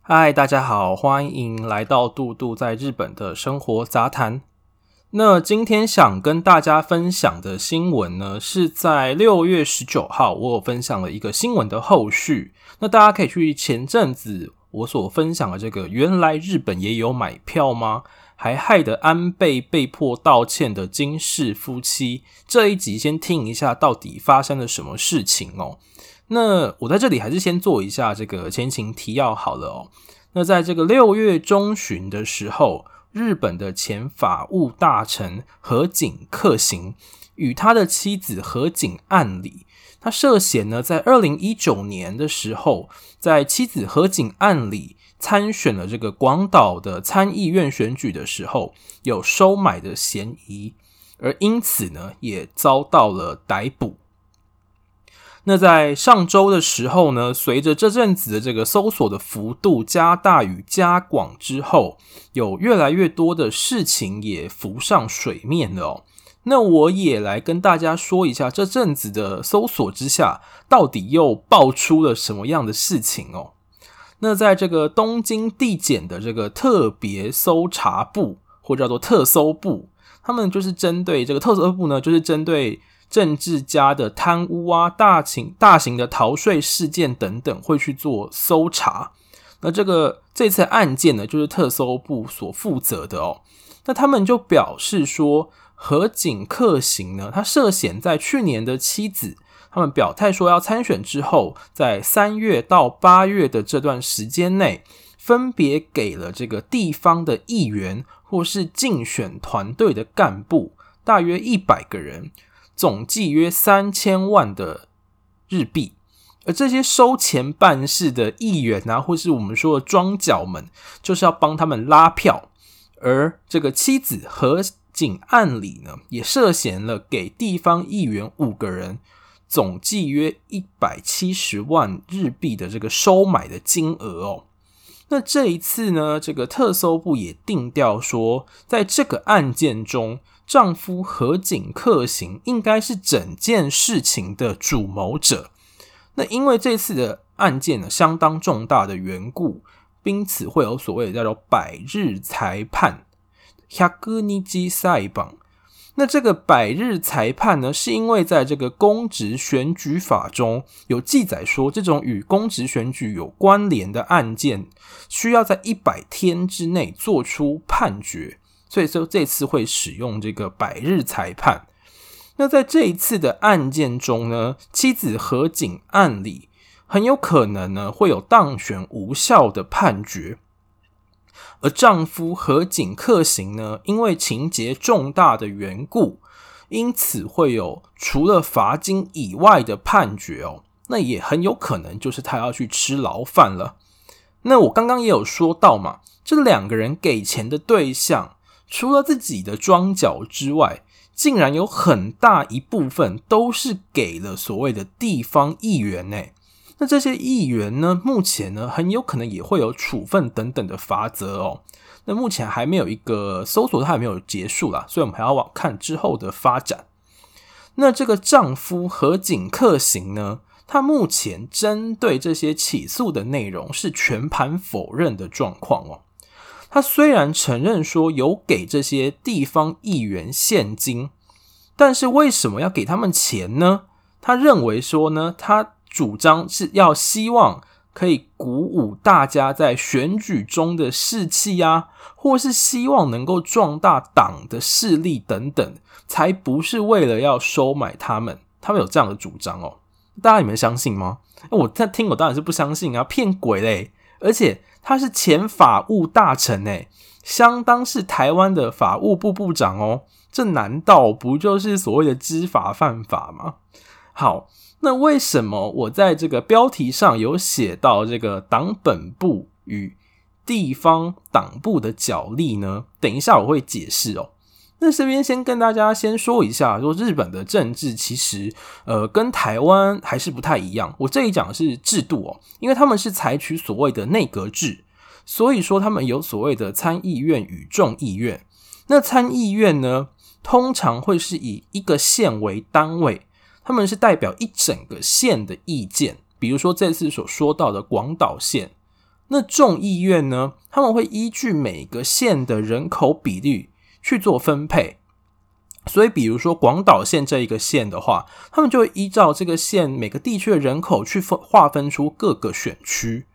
嗨，大家好，歡迎來到杜杜在日本的生活雜談。那今天想跟大家分享的新聞呢，是在六月十九號，我有分享了一個新聞的後續。那大家可以去前陣子我所分享的這個，原來日本也有買票嗎？還害得安倍被迫道歉的驚世夫妻這一集，先聽一下到底發生了什麼事情哦、喔。那我在這裡還是先做一下這個前情提要好了哦、喔。那在這個六月中旬的時候，日本的前法務大臣河井克行與他的妻子河井案裡。他涉嫌呢，在二零一九年的時候，在妻子河井案里參選了這個廣島的參議院選舉的時候，有收買的嫌疑，而因此呢，也遭到了逮捕。那在上周的時候呢，隨着這陣子的這個搜索的幅度加大與加廣之後，有越來越多的事情也浮上水面了哦。那我也來跟大家說一下，這陣子的搜索之下，到底又爆出了什麼樣的事情哦。那在這個東京地檢的這個特別搜查部，或者叫做特搜部，他們就是針對這個特搜部呢，就是針對政治家的貪污啊，大型大型的逃稅事件等等，會去做搜查。那這個這次案件呢，就是特搜部所負責的哦。那他們就表示說，河井克行呢？他涉嫌在去年的妻子他們表態說要參選之後，在三月到八月的這段時間內，分別給了這個地方的議員或是競選團隊的幹部大約一百個人，總計約三千萬的日幣。而這些收錢辦事的議員啊，或是我們說的樁腳們，就是要幫他們拉票。而這個妻子河井案里呢，也涉嫌了給地方議員五個人，總計約一百七十萬日幣的這個收買的金額哦、喔。那這一次呢，這個特搜部也定調說，在這個案件中，丈夫河井克行應該是整件事情的主謀者。那因為這次的案件呢，相當重大的緣故，因此會有所謂的叫做百日裁判。雅各尼基塞榜，那這個百日裁判呢？是因為在這個公職選舉法中有記載說，這種與公職選舉有關聯的案件，需要在一百天之內做出判決，所以說這次會使用這個百日裁判。那在這一次的案件中呢，妻子河井案裡，很有可能呢會有當選無效的判決。而丈夫河井克行呢？因為情節重大的緣故，因此會有除了罰金以外的判決哦。那也很有可能就是他要去吃牢飯了。那我剛剛也有說到嘛，這兩個人給錢的對象，除了自己的樁腳之外，竟然有很大一部分都是給了所謂的地方議員呢、欸。那這些議員呢？目前呢，很有可能也會有處分等等的罰則哦。那目前還沒有一個搜索，他還沒有結束啦，所以我們還要往看之後的發展。那這個丈夫河井克行呢？他目前針對這些起訴的內容是全盤否認的狀況哦。他雖然承認說有給這些地方議員現金，但是為什麼要給他們錢呢？他認為說呢，他。主張是要希望可以鼓舞大家在選舉中的士氣呀、啊，或是希望能夠壯大黨的勢力等等，才不是為了要收買他們。他們有這樣的主張哦、喔，大家你們相信嗎？欸、我在聽，我當然是不相信啊，騙鬼嘞、欸！而且他是前法務大臣哎、欸，相當是台灣的法務部部長哦、喔，這難道不就是所謂的知法犯法嗎？好。那為什麼我在這個標題上有寫到這個黨本部與地方黨部的角力呢？等一下我會解釋哦。那這邊先跟大家先說一下，說日本的政治其實呃跟台灣還是不太一樣。我這裡講的是制度哦，因為他們是採取所謂的內閣制，所以說他們有所謂的參議院與眾議院。那參議院呢，通常會是以一個縣為單位。他們是代表一整個縣的意見，比如說這次所說到的廣島縣，那眾議院呢，他們會依據每個縣的人口比率去做分配，所以比如說廣島縣這一個縣的話，他們就會依照這個縣每個地區的人口去分劃分出各個選區。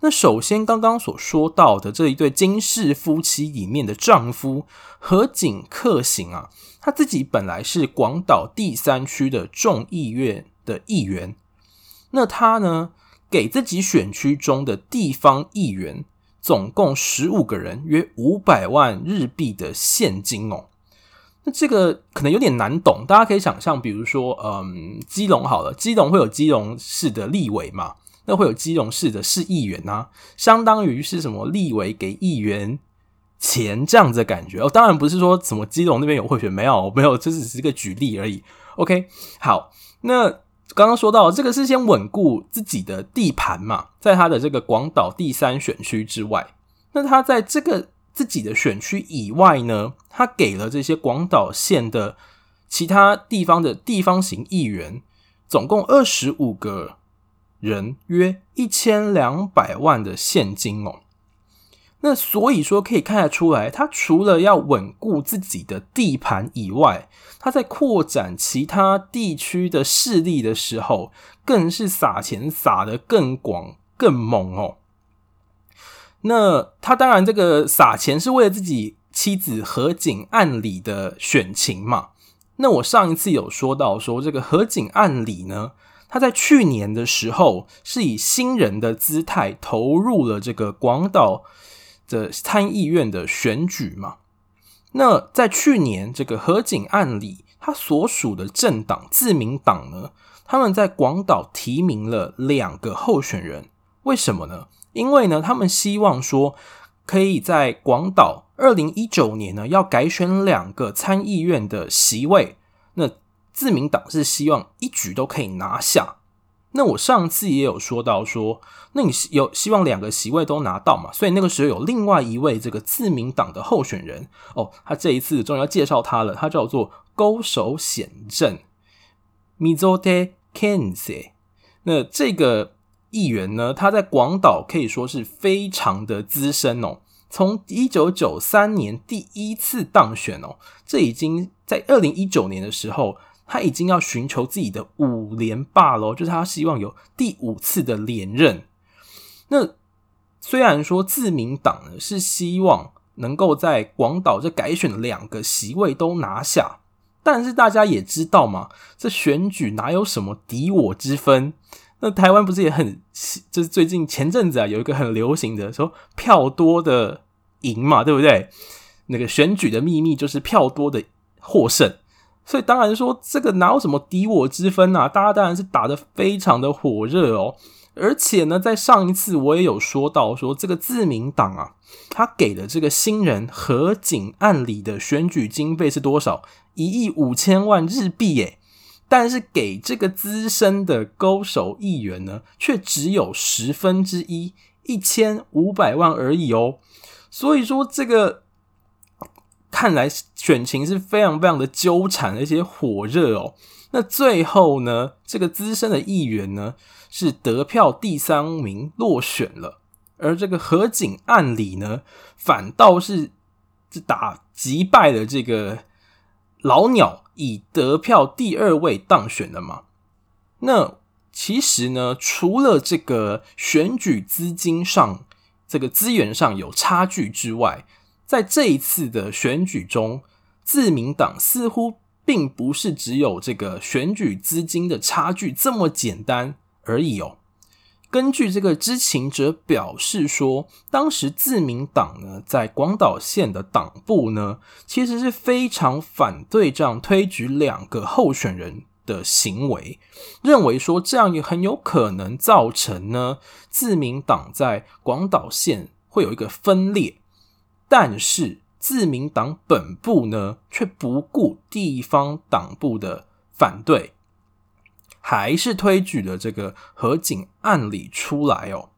那首先剛剛所說到的這一對驚世夫妻裡面的丈夫河井克行啊，他自己本來是廣島第三區的眾議院的議員，那他呢，給自己選區中的地方議員，總共十五個人，約五百萬日幣的現金哦。那這個可能有點難懂，大家可以想象，比如說，嗯，基隆好了，基隆會有基隆市的立委嘛，那會有基隆市的市議員吶，相當於是什麼立委給議員。錢這樣子的感覺哦，當然不是說什麼基隆那邊有賄選，沒有，沒有，這、就是、只是個舉例而已。OK，好，那剛剛說到這個是先穩固自己的地盤嘛，在他的這個廣島第三選區之外，那他在這個自己的選區以外呢，他給了這些廣島縣的其他地方的地方型議員，總共二十五個人，約一千兩百萬的現金哦、喔。那所以說，可以看得出來，他除了要穩固自己的地盤以外，他在擴展其他地區的勢力的時候，更是撒錢撒得更廣、更猛哦、喔。那他當然，這個撒錢是為了自己妻子河井案里的選情嘛。那我上一次有說到說，說這個河井案里呢，他在去年的時候是以新人的姿態投入了這個廣島的參議院的選舉嘛，那在去年這個河井案裡，他所屬的政黨自民黨呢，他們在廣島提名了兩個候選人，為什麼呢？因為呢，他們希望說可以在廣島二零一九年呢，要改選兩個參議院的席位，那自民黨是希望一舉都可以拿下。那我上次也有說到說，那你有希望兩個席位都拿到嘛？所以那個時候有另外一位這個自民黨的候選人哦，他這一次終於要介紹他了，他叫做勾手顯正，Mizote Kensei。那這個議員呢，他在廣島可以說是非常的資深哦，從一九九三年第一次當選哦，這已經在二零一九年的時候。他已經要尋求自己的五連霸咯，就是他希望有第五次的連任。那雖然說自民黨呢是希望能夠在廣島這改選的兩個席位都拿下，但是大家也知道嘛，這選舉哪有什麼敵我之分？那台灣不是也很？這、就是、最近前陣子啊，有一個很流行的說票多的贏嘛，對不對？那個選舉的秘密就是票多的獲勝。所以當然說，這個哪有什麼敵我之分啊？大家當然是打得非常的火熱哦、喔。而且呢，在上一次我也有說到說，說這個自民黨啊，他給的這個新人河井案里的選舉經費是多少？一億五千萬日幣誒、欸，但是給這個資深的勾手議員呢，卻只有十分之一，一千五百萬而已哦、喔。所以說這個。看來選情是非常非常的糾纏，而且火熱哦、喔。那最後呢，這個資深的議員呢是得票第三名落選了，而這個河井案里呢，反倒是打擊敗了這個老鳥，以得票第二位當選的嘛。那其實呢，除了這個選舉資金上、這個資源上有差距之外，在這一次的選舉中，自民黨似乎並不是只有這個選舉資金的差距這麼簡單而已哦。根據這個知情者表示說，當時自民黨呢，在廣島縣的黨部呢，其實是非常反對這樣推舉兩個候選人的行為，認為說這樣也很有可能造成呢，自民黨在廣島縣會有一個分裂。但是自民黨本部呢，卻不顧地方黨部的反對，還是推舉了這個河井案里出來哦。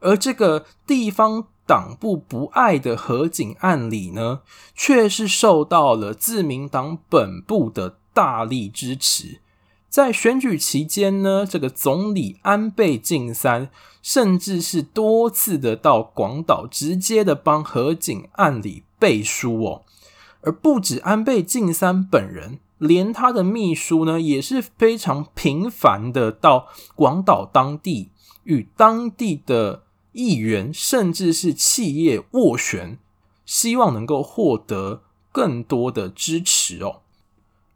而這個地方黨部不愛的河井案里呢，卻是受到了自民黨本部的大力支持。在選舉期間呢，這個總理安倍晉三甚至是多次的到廣島，直接的幫河井案里背書哦、喔。而不止安倍晉三本人，連他的秘書呢也是非常頻繁的到廣島當地，與當地的議員甚至是企業斡旋，希望能夠獲得更多的支持哦、喔。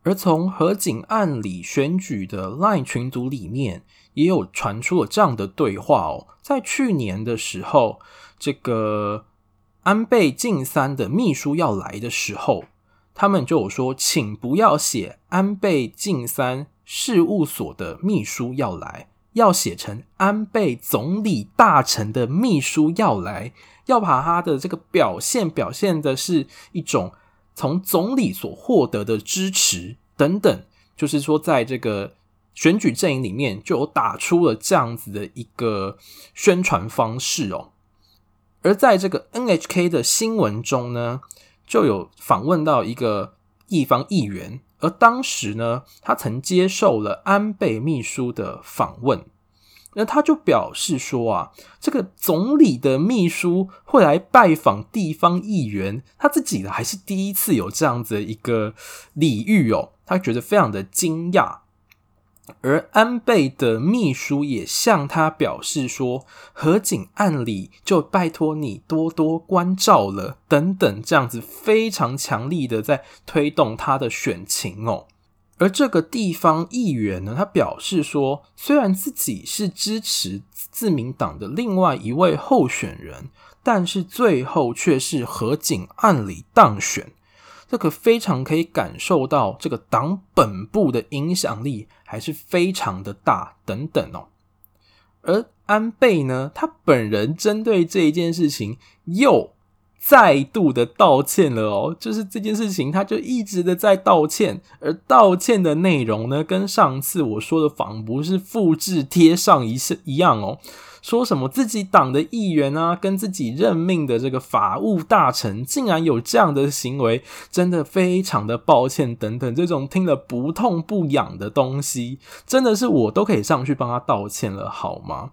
而從河井案里選舉的 LINE 群組裡面，也有傳出了這樣的對話哦。在去年的時候，這個安倍晉三的秘書要來的時候，他們就有說，請不要寫安倍晉三事務所的秘書要來，要寫成安倍總理大臣的秘書要來，要把他的這個表現表現的是一種。從總理所獲得的支持等等，就是說，在這個選舉陣營裡面，就有打出了這樣子的一個宣傳方式哦。而在這個 NHK 的新聞中呢，就有訪問到一個地方議員，而當時呢，他曾接受了安倍秘書的訪問。那他就表示說啊，這個總理的秘書會來拜訪地方議員，他自己還是第一次有這樣子一個禮遇哦，他覺得非常的驚訝。而安倍的秘書也向他表示說，河井案里就拜托你多多關照了，等等，這樣子非常強力的在推動他的選情哦。而這個地方議員呢，他表示說，雖然自己是支持自民黨的另外一位候選人，但是最後卻是河井案里當選，這可、個、非常可以感受到這個黨本部的影響力還是非常的大等等哦、喔。而安倍呢，他本人針對這一件事情又。再度的道歉了哦，就是這件事情，他就一直的在道歉，而道歉的內容呢，跟上次我說的仿佛是複製貼上一次一樣哦，說什麼自己黨的議員啊，跟自己任命的這個法務大臣竟然有這樣的行為，真的非常的抱歉等等，這種聽了不痛不癢的東西，真的是我都可以上去幫他道歉了，好嗎？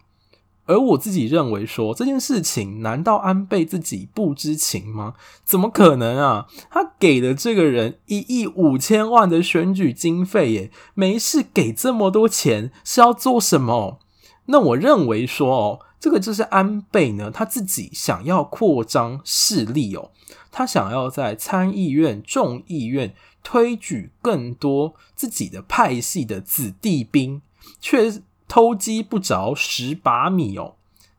而我自己認為說，這件事情難道安倍自己不知情嗎？怎麼可能啊？他給了這個人一億五千萬的選舉經費，耶，沒事給這麼多錢是要做什麼？那我認為說，哦，這個就是安倍呢，他自己想要擴張勢力哦，他想要在參議院、眾議院推舉更多自己的派系的子弟兵，卻。偷雞不着蝕把米哦，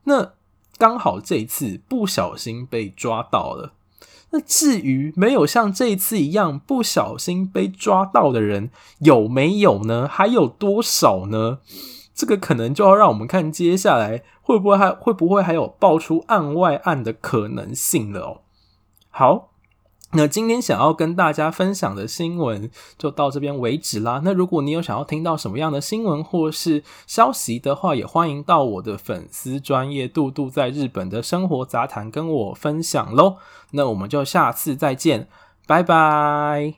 那剛好這一次不小心被抓到了。那至於沒有像這一次一樣不小心被抓到的人有沒有呢？還有多少呢？這個可能就要讓我們看接下來會不會還會不會還有爆出案外案的可能性了哦。好。那今天想要跟大家分享的新聞就到這邊為止啦。那如果你有想要聽到什麼樣的新聞或是消息的話，也歡迎到我的粉絲專頁杜杜在日本的生活雜談跟我分享嘍。那我們就下次再見，拜拜。